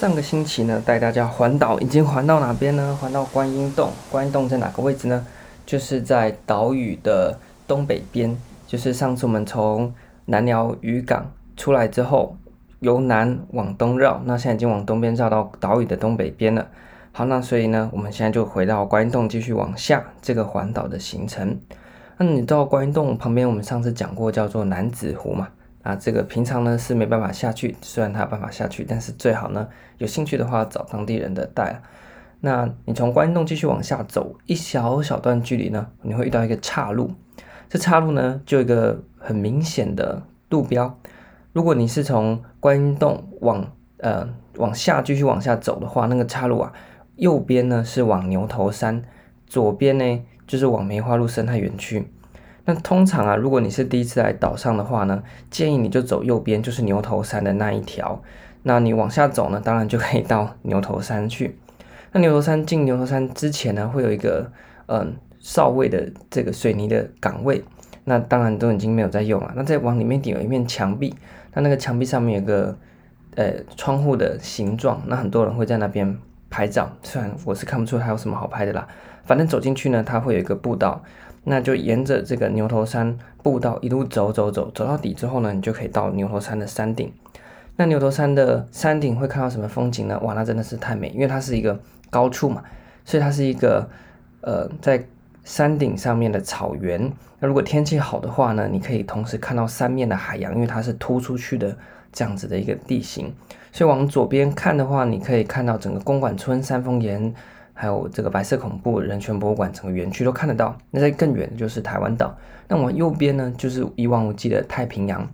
上個星期呢，帶大家環島，已經環到哪邊呢？環到觀音洞。觀音洞在哪個位置呢？就是在島嶼的東北邊。就是上次我們從南寮漁港出來之後，由南往東繞，那現在已經往東邊繞到島嶼的東北邊了。好，那所以呢，我們現在就回到觀音洞，繼續往下這個環島的行程。那你知到觀音洞旁邊，我們上次講過叫做南子湖嘛。這個平常呢是沒辦法下去，雖然他有辦法下去，但是最好呢有興趣的話找當地人的帶。那你從觀音洞繼續往下走一小小段距離呢，你會遇到一個岔路，這岔路呢就有一個很明顯的路標。如果你是從觀音洞往呃往下繼續往下走的話，那個岔路啊，右邊呢是往牛頭山，左邊呢就是往梅花鹿生態園區。那通常啊，如果你是第一次來島上的話呢，建議你就走右邊，就是牛頭山的那一條。那你往下走呢，當然就可以到牛頭山去。那牛頭山，進牛頭山之前呢，會有一個嗯哨位的這個水泥的崗位，那當然都已經沒有在用了。那再往裡面頂有一面牆壁，那那個牆壁上面有個呃窗戶的形狀，那很多人會在那邊拍照。雖然我是看不出還有什麼好拍的啦，反正走進去呢，它會有一個步道。那就沿着這個牛頭山步道一路走走走，走到底之後呢，你就可以到牛頭山的山頂。那牛頭山的山頂會看到什麼風景呢？哇，那真的是太美，因為它是一個高處嘛，所以它是一個呃，在山頂上面的草原。那如果天氣好的話呢，你可以同時看到三面的海洋，因為它是突出去的這樣子的一個地形。所以往左邊看的話，你可以看到整個公館村三峰岩。還有這個白色恐怖人權博物館，整個園區都看得到。那在更遠的就是台灣島。那往右邊呢，就是一望無際的太平洋。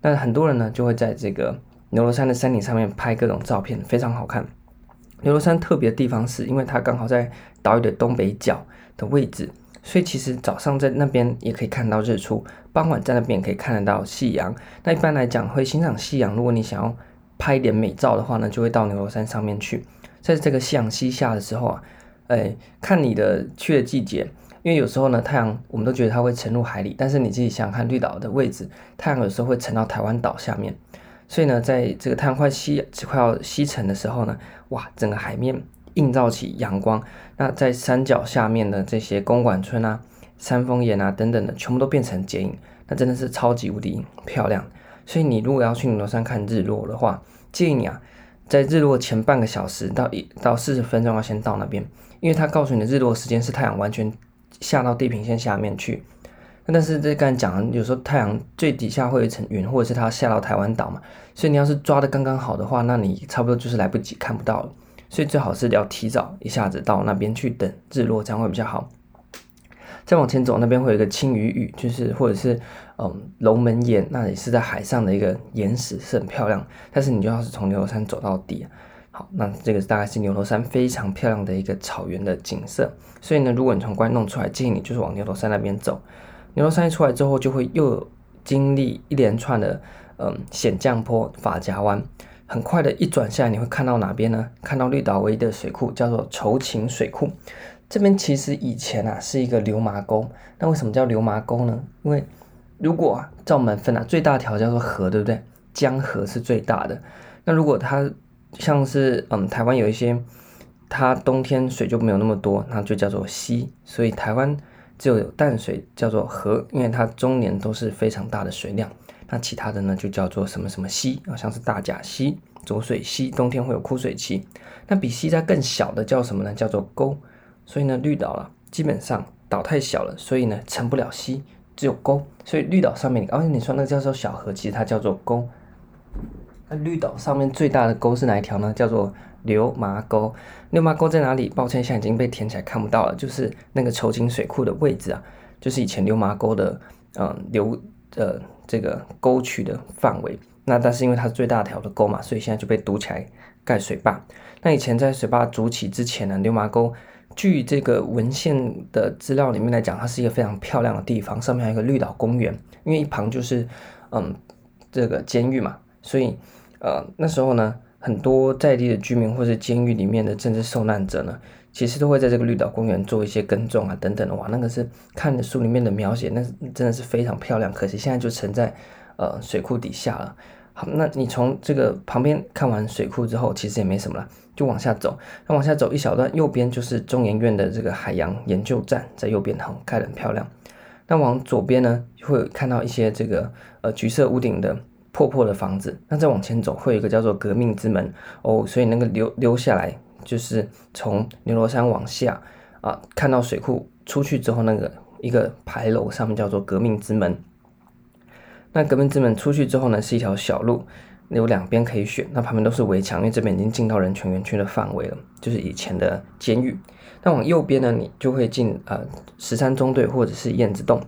那很多人呢，就會在這個牛頭山的山頂上面拍各種照片，非常好看。牛頭山特別的地方是因為它剛好在島嶼的東北角的位置，所以其實早上在那邊也可以看到日出，傍晚在那邊也可以看得到夕陽。那一般來講會欣賞夕陽，如果你想要拍一點美照的話呢，就會到牛頭山上面去。在這個夕陽西下的時候啊，哎、欸，看你的去的季節，因為有時候呢，太陽我們都覺得它會沉入海裡，但是你自己想，想看綠島的位置，太陽有時候會沉到台灣島下面，所以呢，在這個太陽快西，快要西沉的時候呢，哇，整個海面映照起陽光，那在山腳下面的這些公館村啊、山峰岩啊等等的，全部都變成剪影，那真的是超級無敵漂亮。所以你如果要去牛頭山看日落的話，建議你啊。在日落前半個小時到一到四十分鐘要先到那邊，因為他告訴你的日落時間是太陽完全下到地平線下面去。但是這剛才講，有時候太陽最底下會有一層雲，或者是它下到台灣島嘛，所以你要是抓得剛剛好的話，那你差不多就是來不及看不到了。所以最好是要提早一下子到那邊去等日落，這樣會比較好。再往前走，那邊會有一個青魚嶼，就是或者是嗯龍門岩，那裡是在海上的一個岩石，是很漂亮。但是你就要是從牛頭山走到底。好，那這個大概是牛頭山非常漂亮的一個草原的景色。所以呢，如果你從觀音洞出來，建議你就是往牛頭山那邊走。牛頭山一出來之後，就會又有經歷一連串的嗯險降坡、髮夾彎，很快的一轉下來你會看到哪邊呢？看到綠島唯一的水庫，叫做酬勤水庫。這邊其實以前啊是一個流麻溝，那為什麼叫流麻溝呢？因為如果、啊、照我們分啊，最大條叫做河，對不對？江河是最大的。那如果它像是嗯台灣有一些，它冬天水就沒有那麼多，那就叫做溪。所以台灣只有淡水叫做河，因為它終年都是非常大的水量。那其他的呢，就叫做什麼什麼溪，好像是大甲溪、濁水溪，冬天會有枯水期。那比溪再更小的叫什麼呢？叫做溝。所以呢，綠島啊，基本上島太小了，所以呢，成不了溪，只有溝。所以綠島上面，剛、哦、才你說那個叫做小河，其實它叫做溝。那綠島上面最大的溝是哪一條呢？叫做流麻溝。流麻溝在哪裡？抱歉，現在已經被填起來看不到了。就是那個酬勤水庫的位置啊，就是以前流麻溝的，嗯、呃，流呃這個溝渠的範圍。那但是因為它最大條的溝嘛，所以現在就被堵起來蓋水壩。那以前在水壩築起之前呢，流麻溝。據這個文獻的資料裡面來講，它是一個非常漂亮的地方，上面還有一個綠島公園，因為一旁就是，嗯，這個監獄嘛，所以呃那時候呢，很多在地的居民或者監獄裡面的政治受難者呢，其實都會在這個綠島公園做一些耕種啊等等的，話，那個是看的書裡面的描寫，那真的是非常漂亮，可惜現在就沉在呃水庫底下了。好，那你從這個旁邊看完水庫之後，其實也沒什麼了，就往下走。那往下走一小段，右邊就是中研院的這個海洋研究站，在右邊很開很漂亮。那往左邊呢，會看到一些這個呃橘色屋頂的破破的房子。那再往前走，會有一個叫做革命之門哦。所以那個留留下來就是從牛頭山往下啊，看到水庫出去之後，那個一個牌樓上面叫做革命之門。那革命之門出去之後呢，是一條小路，有兩邊可以選。那旁邊都是圍牆，因為這邊已經進到人權園區的範圍了，就是以前的監獄。那往右邊呢，你就會進呃十三中隊或者是燕子洞。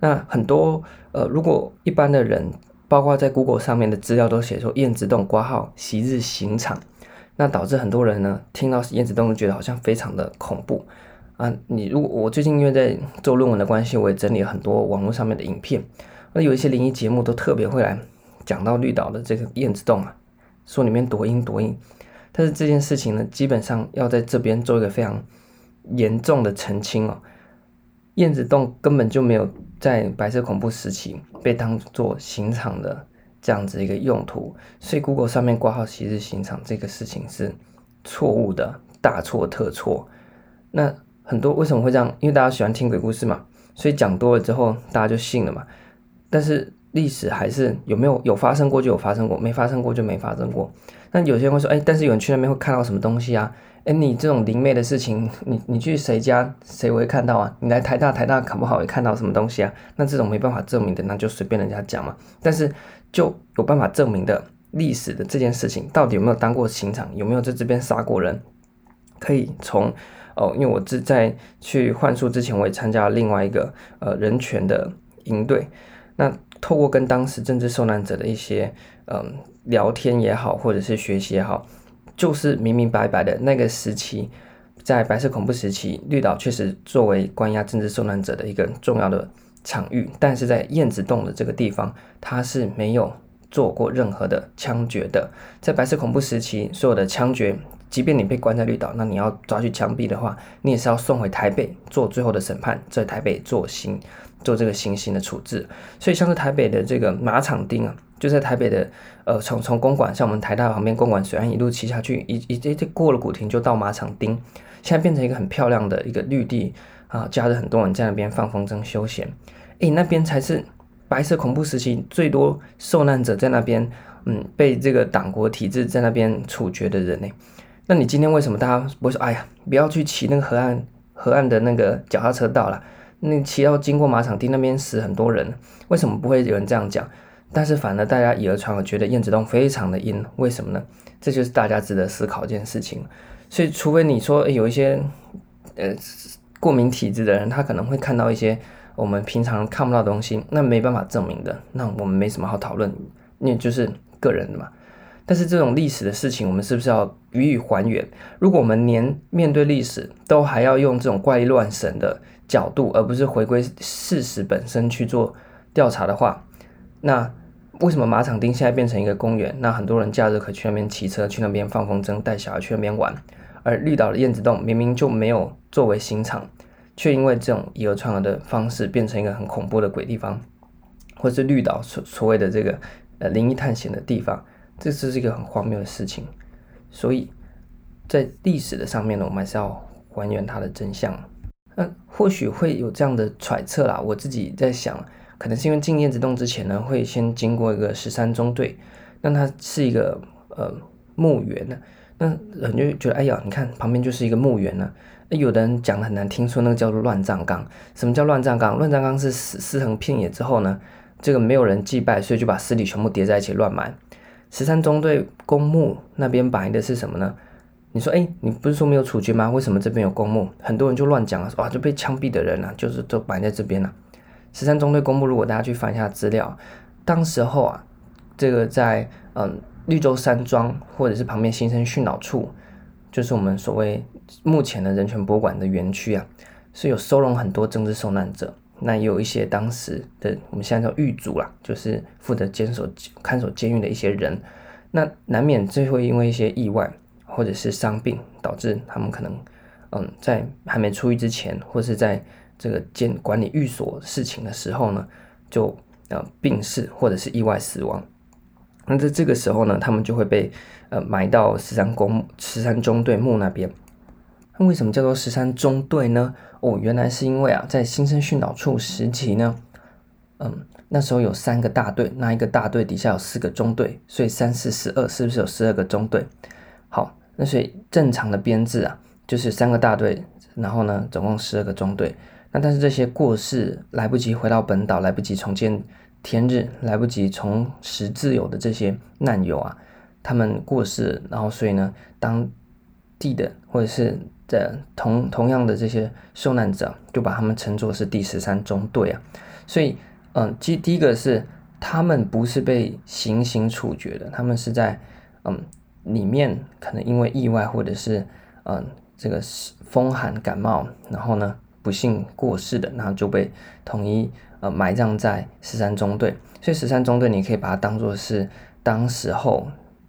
那很多呃，如果一般的人，包括在 Google 上面的資料都寫說燕子洞括號昔日刑場，那導致很多人呢聽到燕子洞就覺得好像非常的恐怖啊、呃。你如果我最近因為在做論文的關係，我也整理了很多網絡上面的影片。那有一些靈異節目都特別會來講到綠島的這個燕子洞啊，說裡面多陰多陰，但是這件事情呢，基本上要在這邊做一個非常嚴重的澄清哦、喔，燕子洞根本就沒有在白色恐怖時期被當做刑場的這樣子一個用途，所以 Google 上面掛號昔日刑場這個事情是錯誤的，大錯特錯。那很多為什麼會這樣？因為大家喜歡聽鬼故事嘛，所以講多了之後，大家就信了嘛。但是歷史還是有沒有有發生過就有發生過，沒發生過就沒發生過。那有些人會說，哎、欸，但是有人去那邊會看到什麼東西啊？哎、欸，你這種靈媒的事情，你你去誰家誰會看到啊？你來台大台大考不好也看到什麼東西啊？那這種沒辦法證明的，那就隨便人家講嘛。但是就有辦法證明的，歷史的這件事情到底有沒有當過刑場，有沒有在這邊殺過人？可以從哦，因為我是在去幻術之前，我也參加了另外一個呃人權的營隊。那透過跟當時政治受難者的一些，嗯，聊天也好，或者是學習也好，就是明明白白的，那個時期，在白色恐怖時期，綠島確實作為關押政治受難者的一個重要的場域，但是在燕子洞的這個地方，它是沒有做過任何的槍決的。在白色恐怖時期，所有的槍決，即便你被關在綠島，那你要抓去槍斃的話，你也是要送回台北做最後的審判，在台北行刑。做這個行刑的處置，所以像是台北的這個馬場町啊，就在台北的呃，從從公館像我們台大旁邊公館水岸一路騎下去，一一直過了古亭就到馬場町，現在變成一個很漂亮的一個綠地啊，假日很多人在那邊放風箏休閒。誒、欸，那邊才是白色恐怖時期最多受難者在那邊，嗯，被這個黨國體制在那邊處決的人呢、欸。那你今天為什麼大家不會說，哎呀，不要去騎那個河岸河岸的那個腳踏車道了？那騎到經過馬場町那邊，死很多人，為什麼不會有人這樣講？但是反而大家以訛傳訛，我覺得燕子洞非常的陰，為什麼呢？這就是大家值得思考一件事情。所以，除非你說、欸、有一些呃過敏體質的人，他可能會看到一些我們平常看不到的東西，那沒辦法證明的，那我們沒什麼好討論，那就是個人的嘛。但是這種歷史的事情，我們是不是要予以還原？如果我們連面對歷史都還要用這種怪力亂神的。角度，而不是回歸事實本身去做調查的話，那為什麼馬場町現在變成一個公園？那很多人假日可以去那邊騎車，去那邊放風箏，帶小孩去那邊玩。而綠島的燕子洞明明就沒有作為刑場，卻因為這種以訛傳訛的方式，變成一個很恐怖的鬼地方，或是綠島所所謂的這個呃靈異探險的地方，這這是一個很荒謬的事情。所以在歷史的上面呢，我們還是要還原它的真相。那或許會有這樣的揣測啦，我自己在想，可能是因為進燕子洞之前呢，會先經過一個十三中隊，那它是一個呃墓園呢，那人就覺得哎呀，你看旁邊就是一個墓園呢、啊，那有的人講很難聽說，說那個叫做亂葬崗。什麼叫亂葬崗？亂葬崗是死屍橫遍野之後呢，這個沒有人祭拜，所以就把屍體全部疊在一起亂埋。十三中隊公墓那邊擺的是什麼呢？你說哎、欸，你不是說沒有處決嗎？為什麼這邊有公墓？很多人就亂講啊，哇，就被槍斃的人啊，就是都埋在這邊了、啊。十三中隊公墓，如果大家去翻一下資料，當時候啊，這個在嗯、呃、綠洲山莊或者是旁邊新生訓導處，就是我們所謂目前的人權博物館的園區啊，是有收容很多政治受難者。那也有一些當時的我們現在叫獄卒啦，就是負責監守看守監獄的一些人，那難免最後因為一些意外。或者是傷病導致他們可能，嗯，在還沒出獄之前，或是在這個監管理寓所事情的時候呢，就呃病逝或者是意外死亡。那在這個時候呢，他們就會被呃埋到十三公十三中隊墓那邊。那為什麼叫做十三中隊呢？哦，原來是因為啊，在新生訓導處時期呢，嗯，那時候有三個大隊，那一個大隊底下有四個中隊，所以三四十二是不是有十二個中隊？好。那所以正常的編制啊，就是三個大隊，然後呢，總共十二個中隊。那但是這些過世來不及回到本島，來不及重見天日，來不及重拾自由的這些難友啊，他們過世，然後所以呢，當地的或者是在同同樣的這些受難者，就把他們稱作是第十三中隊啊。所以，嗯，其實第一個是他們不是被行刑處決的，他們是在，嗯。裡面可能因為意外或者是嗯、呃、這個是風寒感冒，然後呢，不幸過世的，然後就被統一呃埋葬在十三中隊。所以十三中隊，你可以把它當作是當時候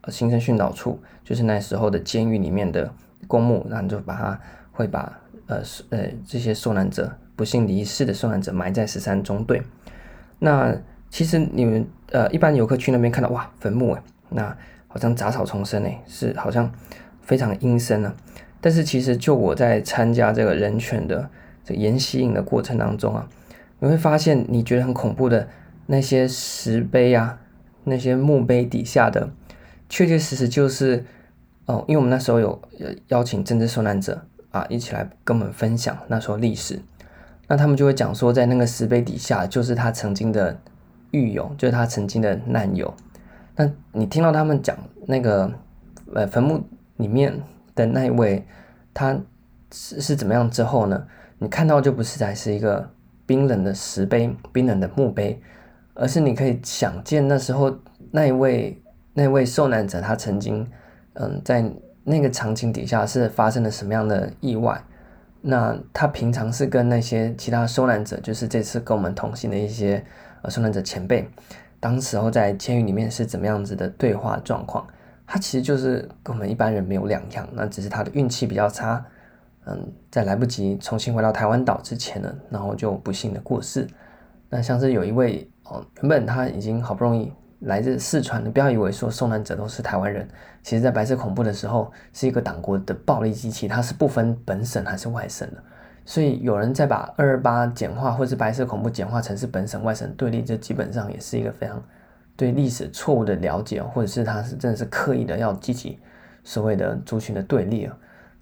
新生訓導處，就是那時候的監獄裡面的公墓，然後你就把它會把呃是呃這些受難者不幸離世的受難者埋在十三中隊。那其實你們呃一般游客去那邊看到哇，墳墓啊那。好像雜草叢生哎，是好像非常陰森呢。但是其實就我在參加這個人權的這研習營的過程當中啊，你會發現你覺得很恐怖的那些石碑啊，那些墓碑底下的，確確實實就是哦，因為我們那時候有邀請政治受難者啊一起來跟我們分享那時候歷史，那他們就會講說，在那個石碑底下就是他曾經的獄友，就是他曾經的難友。那你聽到他們講那個呃墳墓裡面的那一位，他是是怎麼樣之後呢？你看到就不是才是一個冰冷的石碑，冰冷的墓碑，而是你可以想見那時候那一位那一位受難者他曾經嗯在那個場景底下是發生了什麼樣的意外。那他平常是跟那些其他受難者，就是這次跟我們同行的一些呃受難者前輩，當時候在監獄裡面是怎麼樣子的對話狀況？他其實就是跟我們一般人沒有兩樣，那只是他的運氣比較差，嗯，在來不及重新回到台灣島之前呢，然後就不幸的過世。那像是有一位哦，原本他已經好不容易來自四川，你不要以為說受難者都是台灣人，其實在白色恐怖的時候，是一個黨國的暴力機器，它是不分本省還是外省的。所以有人在把二二八簡化，或是白色恐怖簡化成是本省外省對立，這基本上也是一個非常對歷史錯誤的了解，或者是他是真的是刻意的要激起所謂的族群的對立。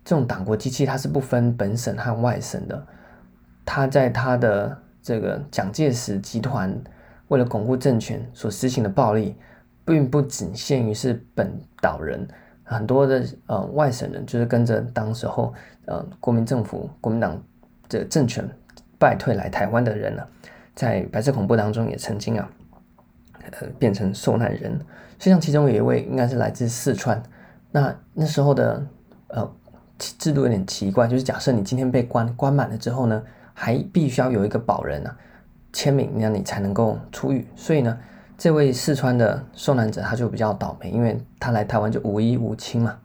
這種黨國機器它是不分本省和外省的，他在他的這個蔣介石集團為了鞏固政權所實行的暴力，並不僅限於是本島人，很多的呃外省人就是跟着當時候呃國民政府、國民黨。這政權敗退來台灣的人呢、啊，在白色恐怖當中也曾經啊，呃，變成受難人。實際上，其中有一位應該是來自四川。那那時候的呃制度有點奇怪，就是假設你今天被關關滿了之後呢，還必須要有一個保人啊簽名，那樣你才能夠出獄。所以呢，這位四川的受難者他就比較倒霉，因為他來台灣就無依無親嘛。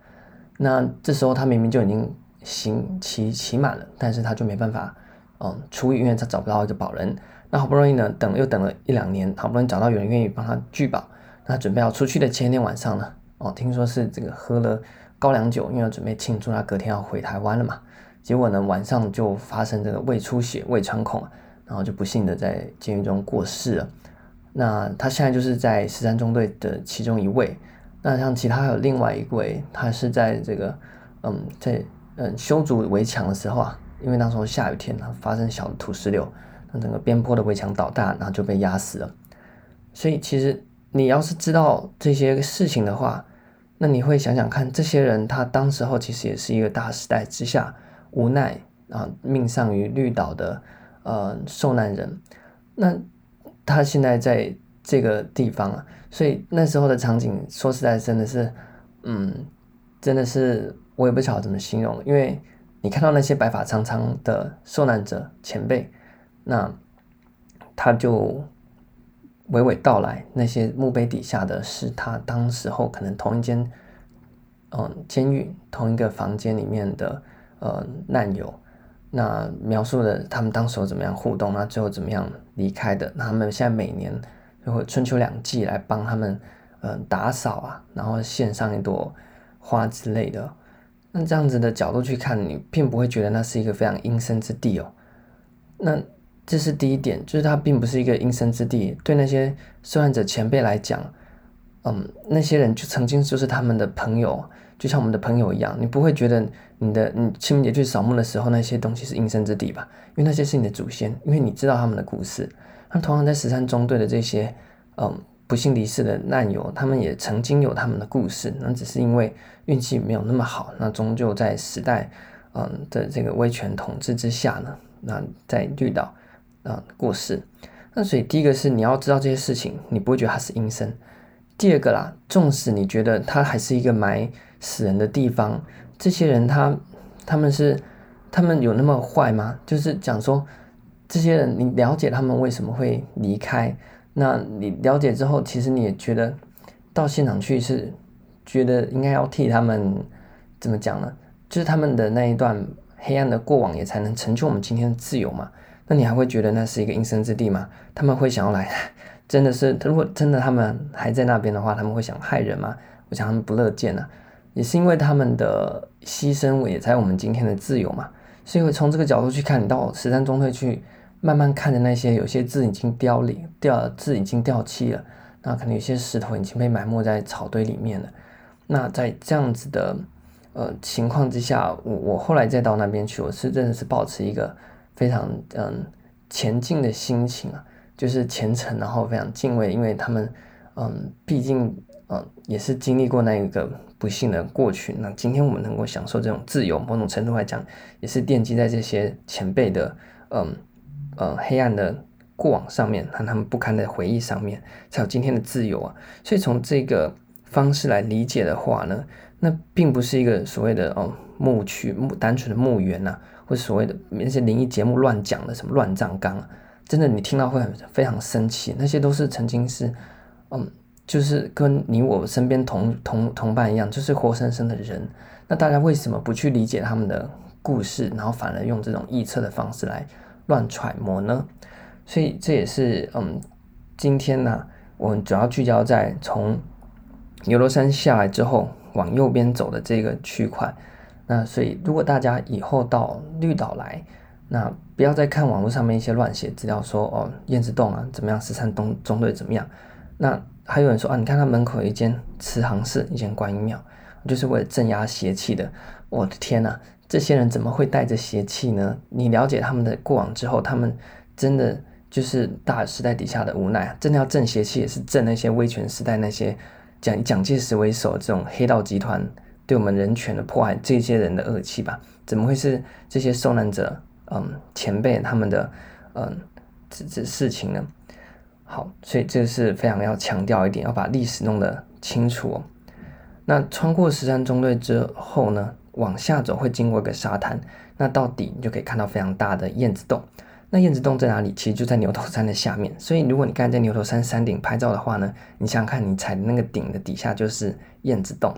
那這時候他明明就已經。刑期期滿了，但是他就沒辦法，嗯，出獄，因為他找不到一個保人。那好不容易呢，等又等了一兩年，好不容易找到有人願意幫他具保。那準備要出去的前一天晚上呢，哦，聽說是這個喝了高粱酒，因為準備慶祝，他隔天要回台灣了嘛。結果呢，晚上就發生這個胃出血、胃穿孔，然後就不幸的在監獄中過世了。那他現在就是在十三中隊的其中一位。那像其他還有另外一位，他是在這個，嗯，在。嗯，修築圍牆的時候啊，因為那時候下雨天，然後發生小土石流，那整個邊坡的圍牆倒塌，然後就被壓死了。所以其實你要是知道這些事情的話，那你會想想看，這些人他當時候其實也是一個大時代之下無奈啊，命喪於綠島的、呃、受難人。那他現在在這個地方啊，所以那時候的場景，說實在真的是，嗯，真的是。我也不曉得怎麼形容，因為你看到那些白髮蒼蒼的受難者前輩，那他就娓娓道來，那些墓碑底下的是他當時候可能同一間，嗯，呃，監獄同一個房間裡面的呃難友，那描述了他們當時候怎麼樣互動，那最後怎麼樣離開的，那他們現在每年就會春秋兩季來幫他們嗯，呃，打掃啊，然後獻上一朵花之類的。那這樣子的角度去看，你並不會覺得那是一個非常陰森之地哦。那這是第一點，就是它並不是一個陰森之地。對那些受害者前輩來講，嗯，那些人就曾經就是他們的朋友，就像我們的朋友一樣，你不會覺得你的，你清明節去掃墓的時候，那些東西是陰森之地吧？因為那些是你的祖先，因為你知道他們的故事。那同樣在十三中隊的這些，嗯。不幸離世的難友，他們也曾經有他們的故事，那只是因為運氣沒有那麼好，那終究在時代，嗯的這個威權統治之下呢，那在綠島啊過世。那所以第一個是你要知道這些事情，你不會覺得他是陰森；第二個啦，縱使你覺得他還是一個埋死人的地方，這些人他他們是他們有那麼壞嗎？就是講說，這些人你了解他們為什麼會離開？那你了解之後，其實你也覺得到現場去是覺得應該要替他們怎麼講呢？就是他們的那一段黑暗的過往也才能成就我們今天的自由嘛。那你還會覺得那是一個陰森之地嗎？他們會想要來？真的是，如果真的他們還在那邊的話，他們會想害人嗎？我想他們不樂見呢、啊。也是因為他們的犧牲，也才有我們今天的自由嘛。所以從這個角度去看，你到十三中隊去。慢慢看着那些，有些字已經凋零掉了，字已經掉漆了。那可能有些石頭已經被埋沒在草堆裡面了。那在這樣子的呃情況之下，我我後來再到那邊去，我是真的是保持一個非常嗯虔敬的心情啊，就是虔誠，然後非常敬畏，因為他們嗯，畢竟嗯也是經歷過那一個不幸的過去。那今天我們能夠享受這種自由，某種程度來講，也是奠基在這些前輩的嗯。呃，黑暗的過往上面，和他們不堪的回憶上面，才有今天的自由啊！所以從這個方式來理解的話呢，那並不是一個所謂的哦墓區、墓、呃、單純的墓園吶，或所謂的那些靈異節目亂講的什麼亂葬崗啊，真的你聽到會很非常生氣。那些都是曾經是，嗯，就是跟你我身邊同同同伴一樣，就是活生生的人。那大家為什麼不去理解他們的故事，然後反而用這種臆測的方式來？亂揣摩呢，所以這也是嗯，今天呢、啊，我們主要聚焦在從牛頭山下來之後往右邊走的這個區塊。那所以，如果大家以後到綠島來，那不要再看網絡上面一些亂寫資料說，說哦，燕子洞啊怎麼樣，十三中中隊怎麼樣。那還有人說啊，你看他門口有一間慈航寺，一間觀音廟，就是為了鎮壓邪氣的。我的天哪、啊！這些人怎麼會帶着邪氣呢？你了解他們的過往之後，他們真的就是大時代底下的無奈，真的要正邪氣也是正那些威權時代那些蔣蔣介石為首這種黑道集團對我們人權的迫害，這些人的惡氣吧？怎麼會是這些受難者？嗯，前輩他們的嗯這這事情呢？好，所以這是非常要強調一點，要把歷史弄得清楚哦。那穿過十三中隊之後呢，往下走會經過一個沙灘，那到底你就可以看到非常大的燕子洞。那燕子洞在哪裡？其實就在牛頭山的下面。所以如果你剛才在牛頭山山頂拍照的話呢，你想想看，你踩的那個頂的底下就是燕子洞。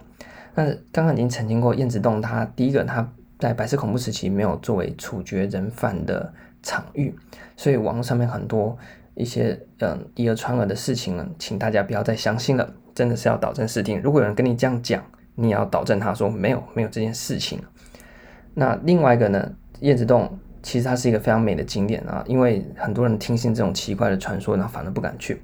那剛剛已經澄清過，燕子洞它第一個它在白色恐怖時期沒有作為處決人犯的場域，所以網絡上面很多一些嗯以訛傳訛的事情呢，請大家不要再相信了，真的是要導正視聽。如果有人跟你這樣講，你也要導正他說沒有沒有這件事情。那另外一個呢，燕子洞其實它是一個非常美的景點啊，因為很多人聽信這種奇怪的傳說，然後反而不敢去。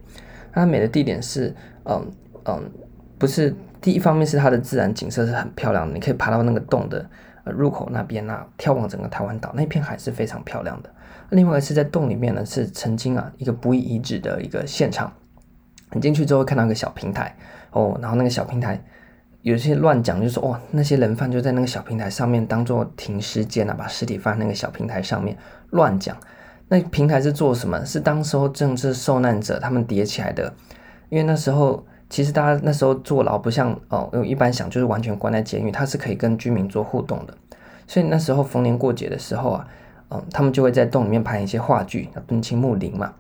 那它美的地點是，嗯嗯，不是，第一方面是它的自然景色，是很漂亮的，你可以爬到那個洞的入口那邊啊，眺望整個台灣島，那片海是非常漂亮的。另外一個是在洞裡面呢，是曾經啊一個不易遺址的一個現場，你進去之後看到一個小平台哦，然後那個小平台。有些亂講，就是哦，那些人犯就在那個小平台上面當做停屍間啊，把屍體放在那個小平台上面亂講。那平台是做什麼？是當時候政治受難者他們疊起來的。因為那時候其實大家那時候坐牢不像哦，我一般想就是完全關在監獄，他是可以跟居民做互動的。所以那時候逢年過節的時候啊，嗯、哦，他們就會在洞裡面排一些話劇，叫敦親睦鄰嘛。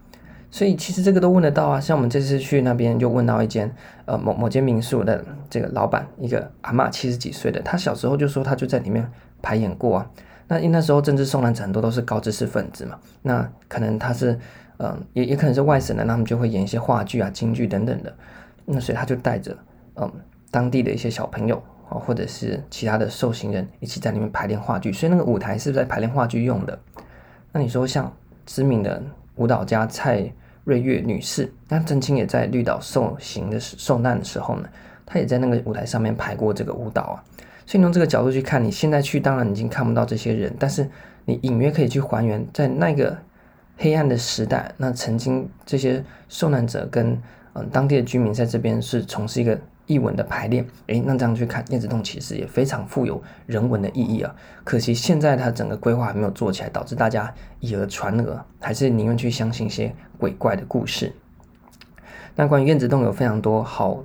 所以其實這個都問得到啊，像我們這次去那邊就問到一間呃某某間民宿的這個老板，一個阿嬤七十幾歲的，他小時候就說他就在裡面排演過啊。那因那時候政治送來很多都是高知識分子嘛，那可能他是嗯、呃、也也可能是外省的，那他們就會演一些話劇啊、京劇等等的。那所以他就帶着嗯當地的一些小朋友啊，或者是其他的受刑人一起在裡面排練話劇，所以那個舞台是不是在排練話劇用的？那你說像知名的舞蹈家蔡。瑞月女士，那曾經也在綠島受刑的時受難的時候呢，她也在那個舞台上面排過這個舞蹈啊。所以從這個角度去看，你現在去當然已經看不到這些人，但是你隱約可以去還原，在那個黑暗的時代，那曾經這些受難者跟嗯、呃、當地的居民在這邊是從事一個。譯文的排練，哎，那這樣去看燕子洞，其實也非常富有人文的意義啊。可惜現在它整個規劃還沒有做起來，導致大家以訛傳訛，還是寧願去相信一些鬼怪的故事。那關於燕子洞有非常多好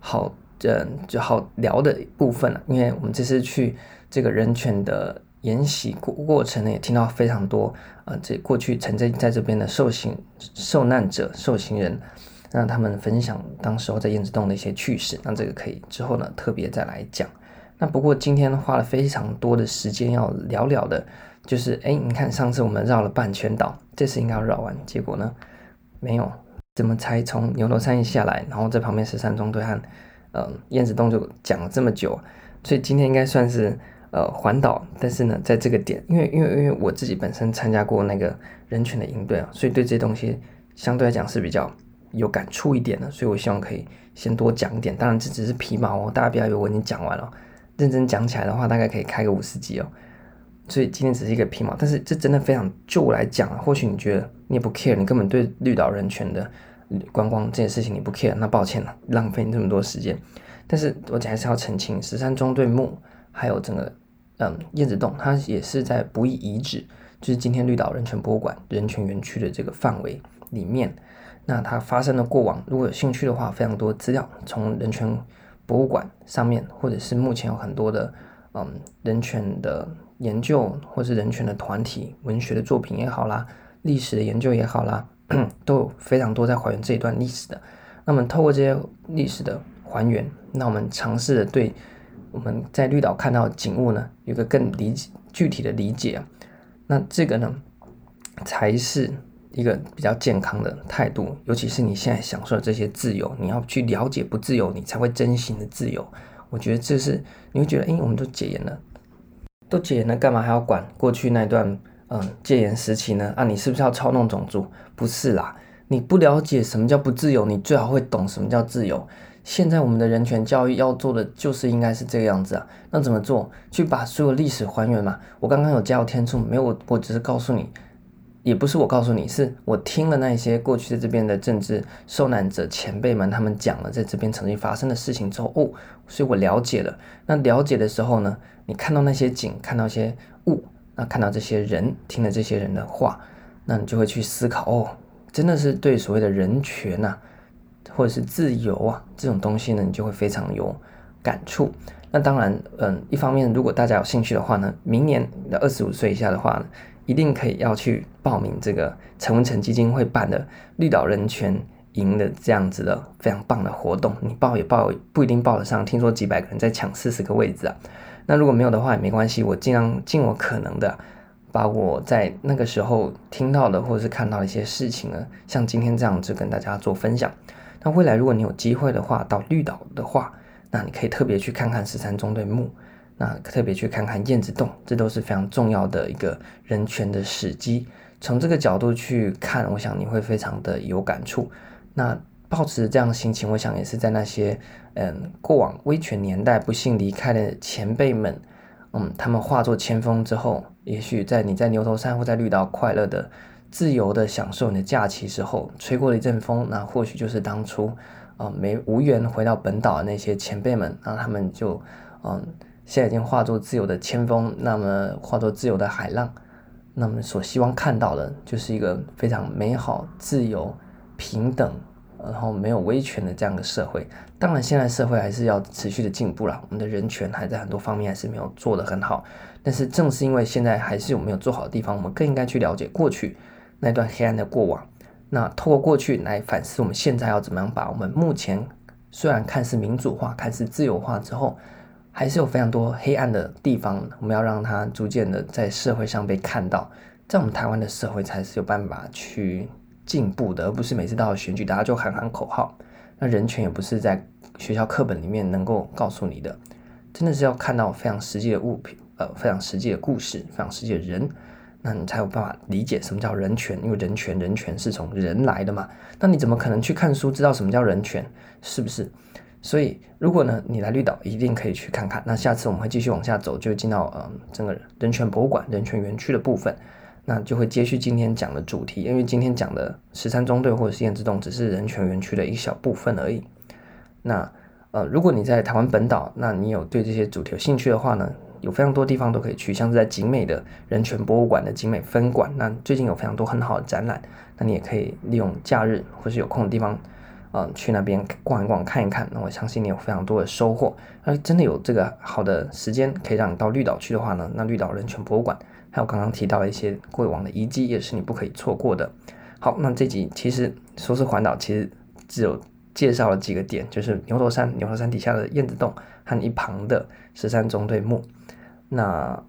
好的、呃、就好聊的部分了、啊，因為我們這次去這個人權的研習過過程呢，也聽到非常多啊、呃，這過去曾經在這邊的受刑受難者、受刑人。讓他們分享當時候在燕子洞的一些趣事，那這個可以之後呢，特別再來講。那不過今天花了非常多的時間要聊聊的，就是哎、欸，你看上次我們繞了半圈島，這次應該要繞完，結果呢沒有，怎麼才從牛頭山一下來，然後在旁邊十三中隊和嗯燕子洞就講了這麼久，所以今天應該算是呃環島，但是呢在這個點，因為因為因為我自己本身參加過那個人權的營隊啊，所以對這些東西相對來講是比較。有感觸一點的，所以我希望可以先多講一點。當然這只是皮毛哦，大家不要以為我已經講完了。認真講起來的話，大概可以開個五十集哦。所以今天只是一個皮毛，但是這真的非常，就我來講，或許你覺得你也不 care，你根本對綠島人權的觀光這件事情你不 care，那抱歉了，浪費你這麼多時間。但是我還是要澄清，十三中隊墓還有整個嗯燕子洞，它也是在不義遺址，就是今天綠島人權博物館、人權園區的這個範圍裡面。那它發生的過往，如果有興趣的話，非常多資料，從人權博物館上面，或者是目前有很多的，嗯，人權的研究，或是人權的團體、文學的作品也好啦，歷史的研究也好啦，都有非常多在還原這一段歷史的。那麼透過這些歷史的還原，那我們嘗試的對我們在綠島看到的景物呢，有個更理解、具體的理解。那這個呢，才是。一個比較健康的態度，尤其是你現在享受的這些自由，你要去了解不自由，你才會真心的自由。我覺得這是你會覺得，哎，我們都戒嚴了，都戒嚴了，幹嘛還要管過去那段嗯戒嚴時期呢？啊，你是不是要操弄種族？不是啦，你不了解什麼叫不自由，你最好會懂什麼叫自由。現在我們的人權教育要做的就是應該是這個樣子啊。那怎麼做？去把所有歷史還原嘛。我剛剛有加油添醋，沒有，我只是告訴你。也不是我告訴你，是我聽了那些過去在這邊的政治受難者前輩們，他們講了在這邊曾經發生的事情之後，哦，所以我了解了。那了解的時候呢，你看到那些景，看到一些物，那看到這些人，聽了這些人的話，那你就會去思考，哦，真的是對所謂的人權吶、啊，或者是自由啊這種東西呢，你就會非常有感觸。那當然，嗯，一方面如果大家有興趣的話呢，明年的二十五歲以下的話呢。一定可以要去報名這個陳文成基金會辦的綠島人權營的這樣子的非常棒的活動，你報也報也不一定報得上，聽說幾百個人在搶四十個位置啊。那如果沒有的話也沒關係，我盡量盡我可能的把我在那個時候聽到的或者是看到一些事情呢，像今天這樣子跟大家做分享。那未來如果你有機會的話到綠島的話，那你可以特別去看看十三中隊墓。那特別去看看燕子洞，這都是非常重要的一個人權的史蹟。從這個角度去看，我想你會非常的有感觸。那抱持這樣心情，我想也是在那些嗯過往威權年代不幸離開的前輩們，嗯，他們化作千風之後，也許在你在牛頭山或在綠島快樂的、自由的享受你的假期時候，吹過了一陣風，那或許就是當初啊、嗯、沒無緣回到本島的那些前輩們，讓他們就嗯。現在已經化作自由的千風，那麼化作自由的海浪，那麼所希望看到的，就是一個非常美好、自由、平等，然後沒有威權的這樣的社會。當然，現在社會還是要持續的進步了。我們的人權還在很多方面還是沒有做得很好，但是正是因為現在還是有沒有做好的地方，我們更應該去了解過去那段黑暗的過往。那透過過去來反思，我們現在要怎麼樣把我們目前雖然看似民主化、看似自由化之後。還是有非常多黑暗的地方，我們要讓它逐漸的在社會上被看到，在我們台灣的社會才是有辦法去進步的，而不是每次到選舉大家就喊喊口號。那人權也不是在學校課本裡面能夠告訴你的，真的是要看到非常實際的物品，呃，非常實際的故事，非常實際的人，那你才有辦法理解什麼叫人權。因為人權，人權是從人來的嘛，那你怎麼可能去看書知道什麼叫人權？是不是？所以，如果呢，你來綠島，一定可以去看看。那下次我們會繼續往下走，就進到嗯、呃、整個人權博物館、人權園區的部分，那就會接續今天講的主題。因為今天講的十三中隊或者是燕子洞，只是人權園區的一小部分而已。那呃，如果你在台灣本島，那你有對這些主題有興趣的話呢，有非常多地方都可以去，像是在景美的人權博物館的景美分館，那最近有非常多很好的展覽，那你也可以利用假日或是有空的地方。嗯、呃，去那邊逛一逛，看一看，那我相信你有非常多的收穫。那真的有這個好的時間，可以讓你到綠島去的話呢，那綠島人權博物館，還有剛剛提到一些過往的遺跡，也是你不可以錯過的。好，那這集其實說是環島，其實只有介紹了幾個點，就是牛頭山、牛頭山底下的燕子洞和一旁的十三中隊墓。那。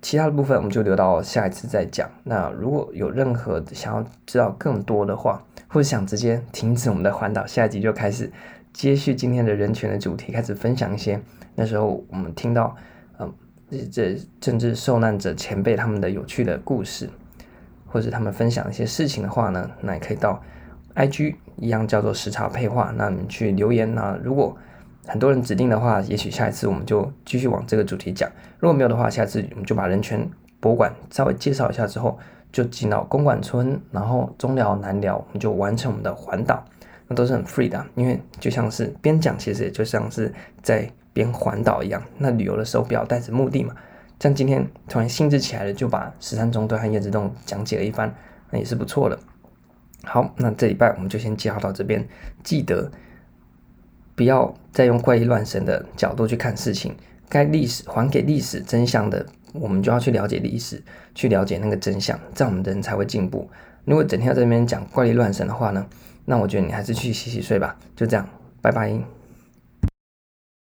其他的部分我們就留到下一次再講。那如果有任何想要知道更多的話，或者想直接停止我們的環島，下一集就開始接續今天的人權的主題，開始分享一些那時候我們聽到嗯、呃、這政治受難者前輩他們的有趣的故事，或者他們分享一些事情的話呢，那也可以到 IG 一樣叫做時差配話，那你們去留言。那如果很多人指定的話，也許下一次我們就繼續往這個主題講。如果沒有的話，下次我們就把人權博物館稍微介紹一下，之後就進到公館村，然後中寮、南寮，我們就完成我們的環島，那都是很 free 的。因為就像是邊講，其實也就像是在邊環島一樣。那旅遊的時候，比較帶着目的嘛。像今天突然興致起來了，就把十三中隊和燕子洞講解了一番，那也是不錯的。好，那這禮拜我們就先介紹到這邊，記得。不要再用怪力亂神的角度去看事情，該歷史還給歷史真相的，我們就要去了解歷史，去了解那個真相，這樣我們的人才會進步。如果整天在這邊講怪力亂神的話呢，那我覺得你還是去洗洗睡吧。就這樣，拜拜。